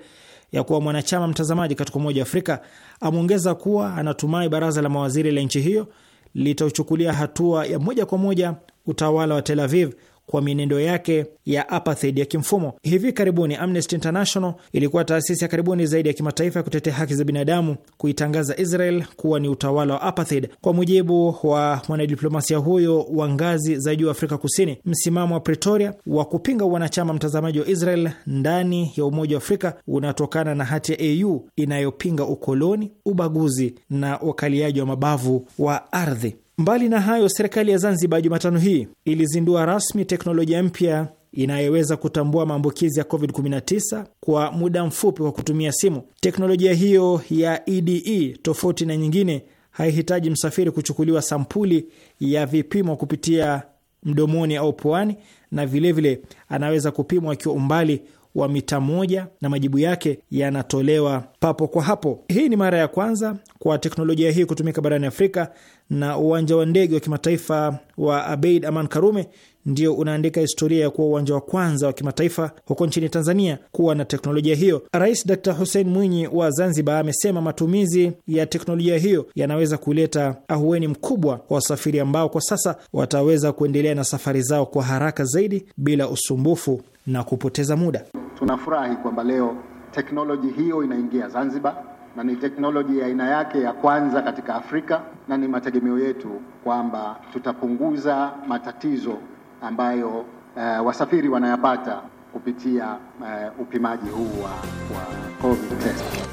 ya kuwa mwanachama mtazamaji katika Umoja wa Afrika ameongeza kuwa anatumai baraza la mawaziri la nchi hiyo litauchukulia hatua ya moja kwa moja utawala wa Tel Aviv kwa mienendo yake ya apartheid ya kimfumo. Hivi karibuni Amnesty International ilikuwa taasisi ya karibuni zaidi ya kimataifa ya kutetea haki za binadamu kuitangaza Israel kuwa ni utawala wa apartheid. Kwa mujibu wa mwanadiplomasia huyo wa ngazi za juu Afrika Kusini, msimamo wa Pretoria wa kupinga wanachama mtazamaji wa Israel ndani ya Umoja wa Afrika unatokana na hati ya AU inayopinga ukoloni, ubaguzi na ukaliaji wa mabavu wa ardhi. Mbali na hayo, serikali ya Zanzibar Jumatano hii ilizindua rasmi teknolojia mpya inayoweza kutambua maambukizi ya COVID-19 kwa muda mfupi kwa kutumia simu. Teknolojia hiyo ya EDE, e, tofauti na nyingine, haihitaji msafiri kuchukuliwa sampuli ya vipimo kupitia mdomoni au puani, na vilevile vile anaweza kupimwa akiwa umbali wa mita moja na majibu yake yanatolewa papo kwa hapo. Hii ni mara ya kwanza kwa teknolojia hii kutumika barani Afrika, na uwanja wa ndege wa kimataifa wa Abeid Aman Karume ndio unaandika historia ya kuwa uwanja wa kwanza wa kimataifa huko nchini Tanzania kuwa na teknolojia hiyo. Rais Dr Hussein Mwinyi wa Zanzibar amesema matumizi ya teknolojia hiyo yanaweza kuleta ahueni mkubwa kwa wasafiri ambao kwa sasa wataweza kuendelea na safari zao kwa haraka zaidi bila usumbufu na kupoteza muda. Tunafurahi kwamba leo teknoloji hiyo inaingia Zanzibar na ni teknoloji ya aina yake ya kwanza katika Afrika na ni mategemeo yetu kwamba tutapunguza matatizo ambayo uh, wasafiri wanayapata kupitia uh, upimaji huu wa, wa COVID test.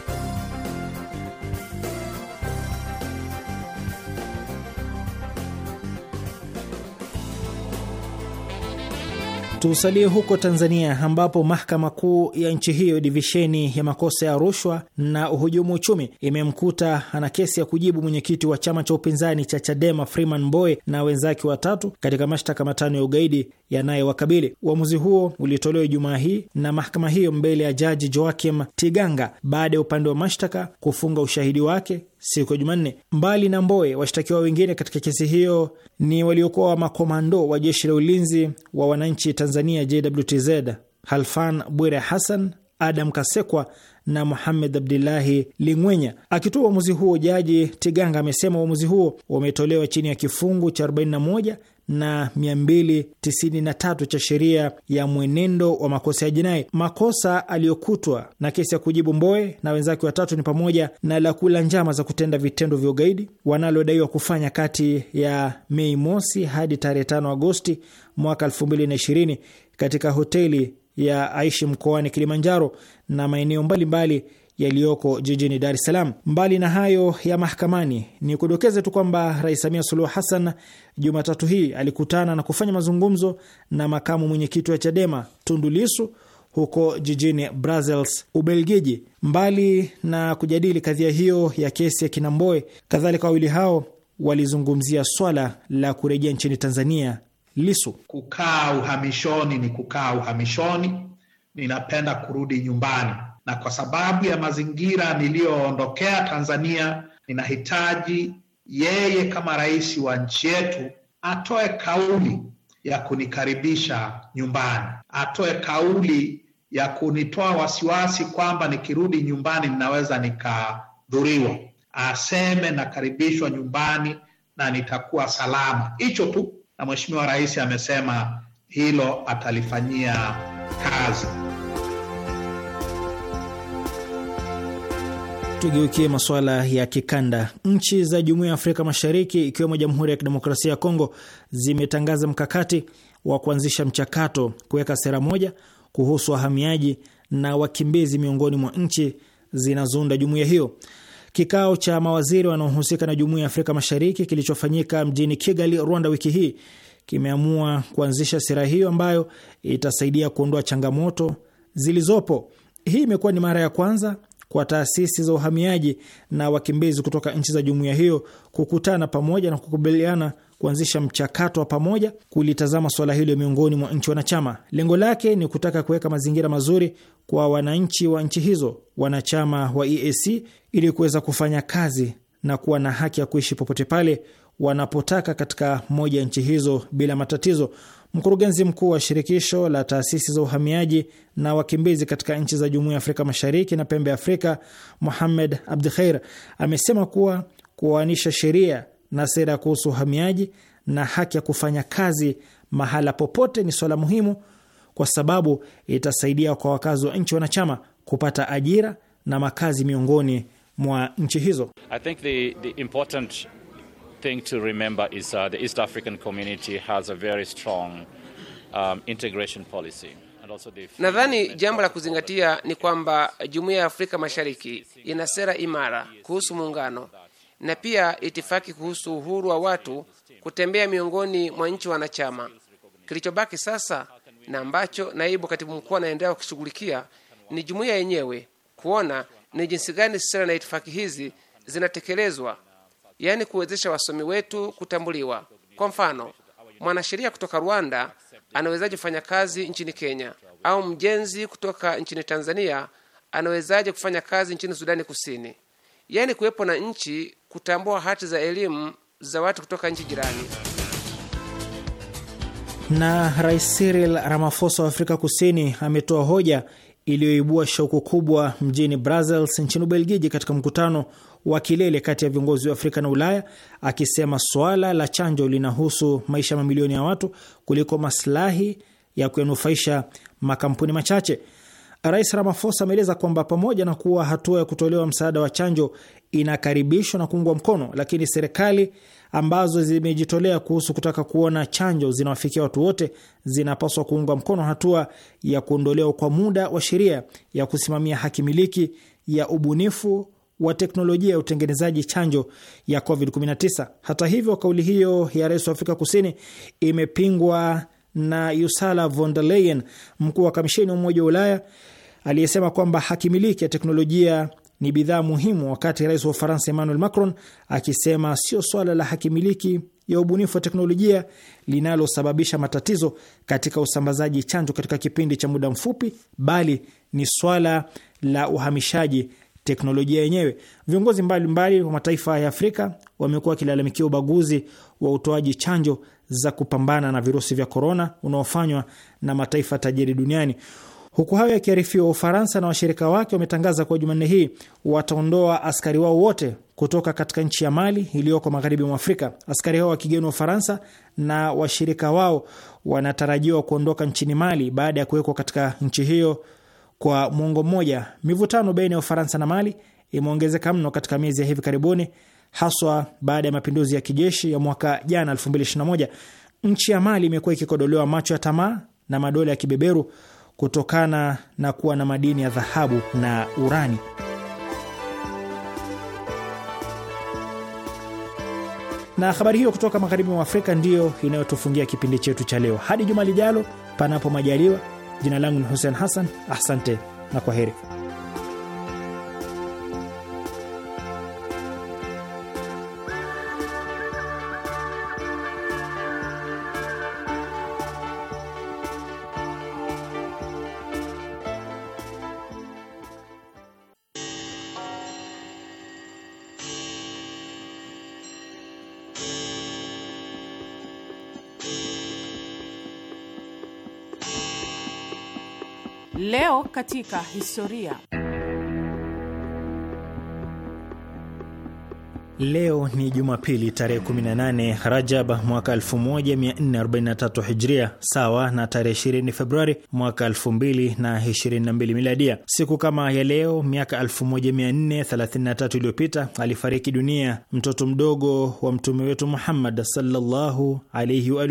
Tusalie huko Tanzania, ambapo mahakama kuu ya nchi hiyo divisheni ya makosa ya rushwa na uhujumu uchumi imemkuta ana kesi ya kujibu mwenyekiti wa chama cha upinzani cha Chadema Freeman Mbowe na wenzake watatu katika mashtaka matano ya ugaidi yanayowakabili. Uamuzi huo ulitolewa Ijumaa hii na mahakama hiyo mbele ya jaji Joachim Tiganga baada ya upande wa mashtaka kufunga ushahidi wake siku ya Jumanne. Mbali na Mboe, washtakiwa wengine katika kesi hiyo ni waliokuwa wa makomando wa jeshi la ulinzi wa wananchi Tanzania JWTZ, Halfan Bwire Hassan, Adam Kasekwa na Muhamed Abdullahi Lingwenya. Akitoa uamuzi huo, Jaji Tiganga amesema uamuzi huo umetolewa chini ya kifungu cha 41 na 293 cha sheria ya mwenendo wa makosa ya jinai. Makosa aliyokutwa na kesi ya kujibu Mboe na wenzake watatu ni pamoja na la kula njama za kutenda vitendo vya ugaidi wanalodaiwa kufanya kati ya Mei mosi hadi tarehe 5 Agosti mwaka 2020 katika hoteli ya Aishi mkoani Kilimanjaro na maeneo mbalimbali yaliyoko jijini Dar es Salaam. Mbali na hayo ya mahakamani, ni kudokeze tu kwamba Rais Samia Suluhu Hassan Jumatatu hii alikutana na kufanya mazungumzo na makamu mwenyekiti wa Chadema Tundu lisu huko jijini Brussels, Ubelgiji. Mbali na kujadili kadhia hiyo ya kesi ya Kinamboe, kadhalika wawili hao walizungumzia swala la kurejea nchini Tanzania. Lisu: kukaa uhamishoni ni kukaa uhamishoni, ninapenda kurudi nyumbani, na kwa sababu ya mazingira niliyoondokea Tanzania, ninahitaji yeye kama rais wa nchi yetu atoe kauli ya kunikaribisha nyumbani, atoe kauli ya kunitoa wasiwasi kwamba nikirudi nyumbani ninaweza nikadhuriwa, aseme nakaribishwa nyumbani na nitakuwa salama. Hicho tu, na mheshimiwa rais amesema hilo atalifanyia kazi. Tugeukie masuala ya kikanda. Nchi za Jumuiya ya Afrika Mashariki ikiwemo Jamhuri ya Kidemokrasia ya Kongo zimetangaza mkakati wa kuanzisha mchakato kuweka sera moja kuhusu wahamiaji na wakimbizi miongoni mwa nchi zinazounda jumuiya hiyo. Kikao cha mawaziri wanaohusika na Jumuiya ya Afrika Mashariki kilichofanyika mjini Kigali, Rwanda, wiki hii kimeamua kuanzisha sera hiyo ambayo itasaidia kuondoa changamoto zilizopo. Hii imekuwa ni mara ya kwanza kwa taasisi za uhamiaji na wakimbizi kutoka nchi za jumuiya hiyo kukutana pamoja na kukubaliana kuanzisha mchakato wa pamoja kulitazama suala hilo miongoni mwa nchi wanachama. Lengo lake ni kutaka kuweka mazingira mazuri kwa wananchi wa nchi hizo wanachama wa EAC ili kuweza kufanya kazi na kuwa na haki ya kuishi popote pale wanapotaka katika moja ya nchi hizo bila matatizo. Mkurugenzi mkuu wa shirikisho la taasisi za uhamiaji na wakimbizi katika nchi za Jumuiya ya Afrika Mashariki na Pembe ya Afrika, Mohamed Abdikheir, amesema kuwa kuoanisha sheria na sera kuhusu uhamiaji na haki ya kufanya kazi mahala popote ni swala muhimu kwa sababu itasaidia kwa wakazi wa nchi wanachama kupata ajira na makazi miongoni mwa nchi hizo. I think the, the important thing to remember is uh, the East African community has a very strong um, integration policy. Nadhani jambo la kuzingatia ni kwamba jumuiya ya Afrika Mashariki ina sera imara kuhusu muungano na pia itifaki kuhusu uhuru wa watu kutembea miongoni mwa nchi wanachama. Kilichobaki sasa na ambacho naibu katibu mkuu anaendelea kukishughulikia ni jumuiya yenyewe kuona ni jinsi gani sera na itifaki hizi zinatekelezwa yaani kuwezesha wasomi wetu kutambuliwa. Kwa mfano, mwanasheria kutoka Rwanda anawezaje kufanya kazi nchini Kenya, au mjenzi kutoka nchini Tanzania anawezaje kufanya kazi nchini Sudani Kusini? Yaani kuwepo na nchi kutambua hati za elimu za watu kutoka nchi jirani. Na Rais Cyril Ramaphosa wa Afrika Kusini ametoa hoja iliyoibua shauku kubwa mjini Brussels nchini Ubelgiji katika mkutano wa kilele kati ya viongozi wa Afrika na Ulaya akisema swala la chanjo linahusu maisha mamilioni ya watu kuliko maslahi ya kuyanufaisha makampuni machache. Rais Ramaphosa ameeleza kwamba pamoja na kuwa hatua ya kutolewa msaada wa chanjo inakaribishwa na kuungwa mkono, lakini serikali ambazo zimejitolea kuhusu kutaka kuona chanjo zinawafikia watu wote zinapaswa kuunga mkono hatua ya kuondolewa kwa muda wa sheria ya kusimamia haki miliki ya ubunifu wa teknolojia ya utengenezaji chanjo ya COVID-19. Hata hivyo, kauli hiyo ya rais wa Afrika Kusini imepingwa na Ursula von der Leyen, mkuu wa kamisheni ya Umoja wa Ulaya, aliyesema kwamba hakimiliki ya teknolojia ni bidhaa muhimu, wakati rais wa Ufaransa Emmanuel Macron akisema sio swala la hakimiliki ya ubunifu wa teknolojia linalosababisha matatizo katika usambazaji chanjo katika kipindi cha muda mfupi, bali ni swala la uhamishaji teknolojia yenyewe. Viongozi mbalimbali wa mataifa ya Afrika wamekuwa wakilalamikia ubaguzi wa utoaji chanjo za kupambana na virusi vya korona unaofanywa na mataifa tajiri duniani. Huku hayo yakiarifiwa, Ufaransa na washirika wake wametangaza kuwa Jumanne hii wataondoa askari wao wote kutoka katika nchi ya Mali iliyoko magharibi mwa Afrika. Askari hao wa kigeni wa Ufaransa na washirika wao wanatarajiwa kuondoka nchini Mali baada ya kuwekwa katika nchi hiyo kwa mwongo mmoja. Mivutano baina ya Ufaransa na Mali imeongezeka mno katika miezi ya hivi karibuni, haswa baada ya mapinduzi ya kijeshi ya mwaka jana 2021. Nchi ya Mali imekuwa ikikodolewa macho ya tamaa na madola ya kibeberu kutokana na kuwa na madini ya dhahabu na urani. Na habari hiyo kutoka magharibi mwa Afrika ndiyo inayotufungia kipindi chetu cha leo. Hadi juma lijalo, panapo majaliwa. Jina langu ni Hussein Hassan, asante na kwa heri. katika historia. Leo ni Jumapili tarehe 18 Rajab mwaka 1443 Hijria, sawa na tarehe 20 Februari mwaka 2022 Miladia. Siku kama ya leo miaka 1433 iliyopita alifariki dunia mtoto mdogo wa mtume wetu Muhammad sallallahu alayhi wa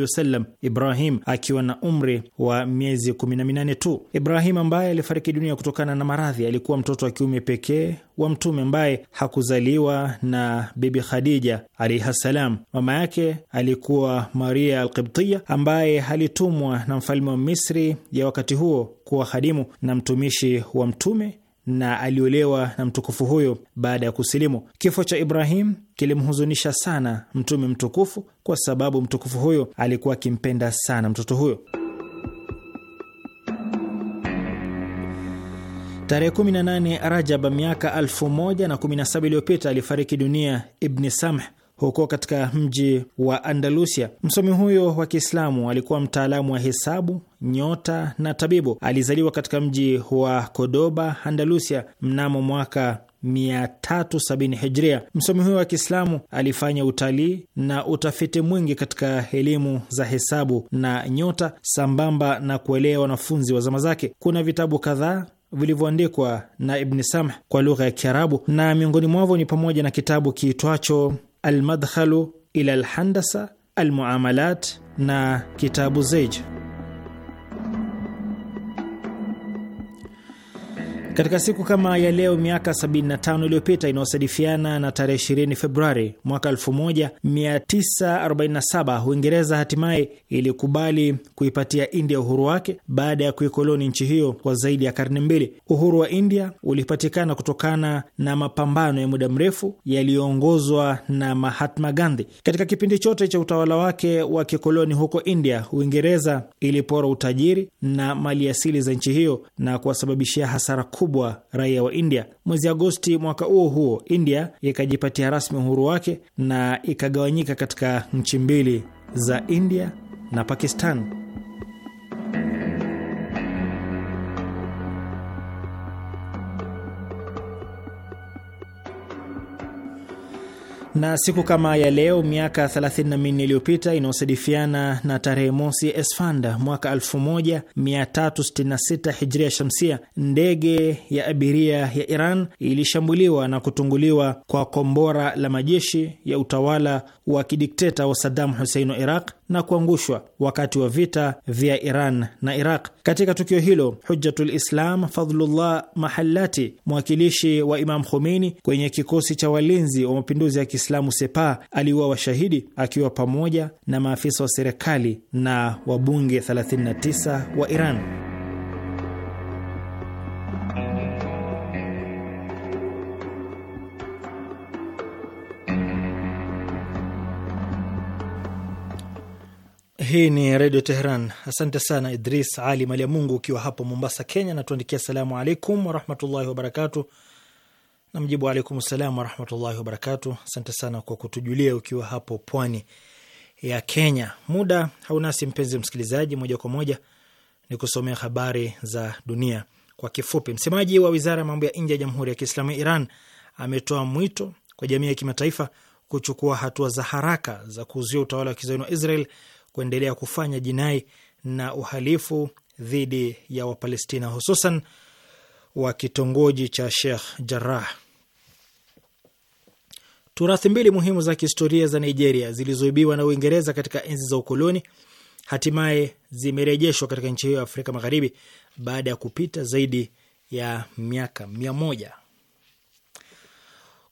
Ibrahim akiwa na umri wa miezi 18 tu. Ibrahim ambaye alifariki dunia kutokana na maradhi, alikuwa mtoto wa kiume pekee wa mtume ambaye hakuzaliwa na Bibi Khadija alaihi ssalam. Mama yake alikuwa Maria Alqibtiya ambaye alitumwa na mfalme wa Misri ya wakati huo kuwa khadimu na mtumishi wa Mtume na aliolewa na mtukufu huyo baada ya kusilimu. Kifo cha Ibrahim kilimhuzunisha sana Mtume mtukufu, kwa sababu mtukufu huyo alikuwa akimpenda sana mtoto huyo. Tarehe 18 Rajab miaka 1017 iliyopita alifariki dunia Ibni Samh huko katika mji wa Andalusia. Msomi huyo wa Kiislamu alikuwa mtaalamu wa hesabu, nyota na tabibu. Alizaliwa katika mji wa Kodoba, Andalusia mnamo mwaka 370 Hijria. Msomi huyo wa Kiislamu alifanya utalii na utafiti mwingi katika elimu za hesabu na nyota, sambamba na kuelea wanafunzi wa zama zake. Kuna vitabu kadhaa vilivyoandikwa na Ibni Samh kwa lugha ya Kiarabu, na miongoni mwavyo ni pamoja na kitabu kiitwacho Almadkhalu ila Alhandasa, Almuamalat na kitabu Zeij. Katika siku kama ya leo miaka 75 iliyopita inayosadifiana na tarehe 20 Februari mwaka 1947, Uingereza hatimaye ilikubali kuipatia India uhuru wake baada ya kuikoloni nchi hiyo kwa zaidi ya karne mbili. Uhuru wa India ulipatikana kutokana na mapambano ya muda mrefu yaliyoongozwa na Mahatma Gandhi. Katika kipindi chote cha utawala wake wa kikoloni huko India, Uingereza ilipora utajiri na mali asili za nchi hiyo na kuwasababishia hasara kubwa kubwa raia wa India. Mwezi Agosti mwaka huo huo, India ikajipatia rasmi uhuru wake na ikagawanyika katika nchi mbili za India na Pakistan. Na siku kama ya leo miaka 34 iliyopita inayosadifiana na tarehe mosi Esfanda mwaka 1366 hijria shamsia, ndege ya abiria ya Iran ilishambuliwa na kutunguliwa kwa kombora la majeshi ya utawala wa kidikteta wa Saddam Hussein wa Iraq na kuangushwa wakati wa vita vya Iran na Iraq. Katika tukio hilo, Hujjatul Islam fadlullah Mahallati, mwakilishi wa Imam Khomeini kwenye kikosi cha walinzi wa mapinduzi ya Kiislamu Sepa, aliuawa washahidi akiwa pamoja na maafisa wa serikali na wabunge 39 wa Iran. Hii ni Redio Teheran. Asante sana Idris Ali Mali ya Mungu ukiwa hapo Mombasa, Kenya, na tuandikia salamu alaikum warahmatullahi wabarakatu. Namjibu alaikum salam warahmatullahi wabarakatu. Asante sana kwa kutujulia ukiwa hapo pwani ya Kenya. Muda haunasi mpenzi msikilizaji, moja kwa moja ni kusomea habari za dunia kwa kifupi. Msemaji wa wizara ya mambo ya nje ya Jamhuri ya Kiislamu ya Iran ametoa mwito kwa jamii ya kimataifa kuchukua hatua za haraka za kuzuia utawala wa kizayuni wa Israel kuendelea kufanya jinai na uhalifu dhidi ya Wapalestina, hususan wa kitongoji cha Sheikh Jarrah. Turathi mbili muhimu za kihistoria za Nigeria zilizoibiwa na Uingereza katika enzi za ukoloni hatimaye zimerejeshwa katika nchi hiyo ya Afrika Magharibi baada ya kupita zaidi ya miaka mia moja.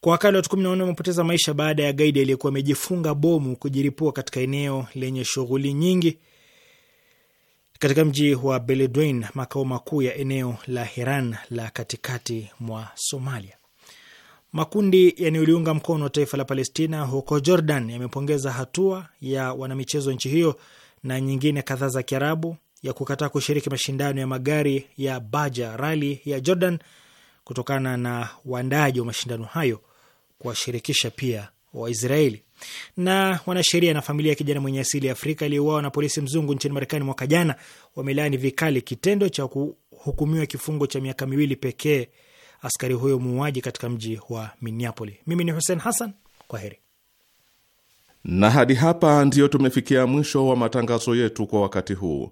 Kwa wakali watu wanne wamepoteza maisha baada ya gaidi aliyekuwa amejifunga bomu kujiripua katika eneo lenye shughuli nyingi katika mji wa Beledweyne, makao makuu ya eneo la Hiran la katikati mwa Somalia. Makundi yanayoliunga mkono taifa la Palestina huko Jordan yamepongeza hatua ya wanamichezo nchi hiyo na nyingine kadhaa za Kiarabu ya kukataa kushiriki mashindano ya magari ya Baja Rali ya Jordan kutokana na uandaaji wa mashindano hayo kuwashirikisha pia Waisraeli. Na wanasheria na familia ya kijana mwenye asili ya Afrika aliyeuawa na polisi mzungu nchini Marekani mwaka jana wamelaani vikali kitendo cha kuhukumiwa kifungo cha miaka miwili pekee askari huyo muuaji katika mji wa Minneapolis. Mimi ni Hussein Hassan, kwa heri. Na hadi hapa ndiyo tumefikia mwisho wa matangazo yetu kwa wakati huu.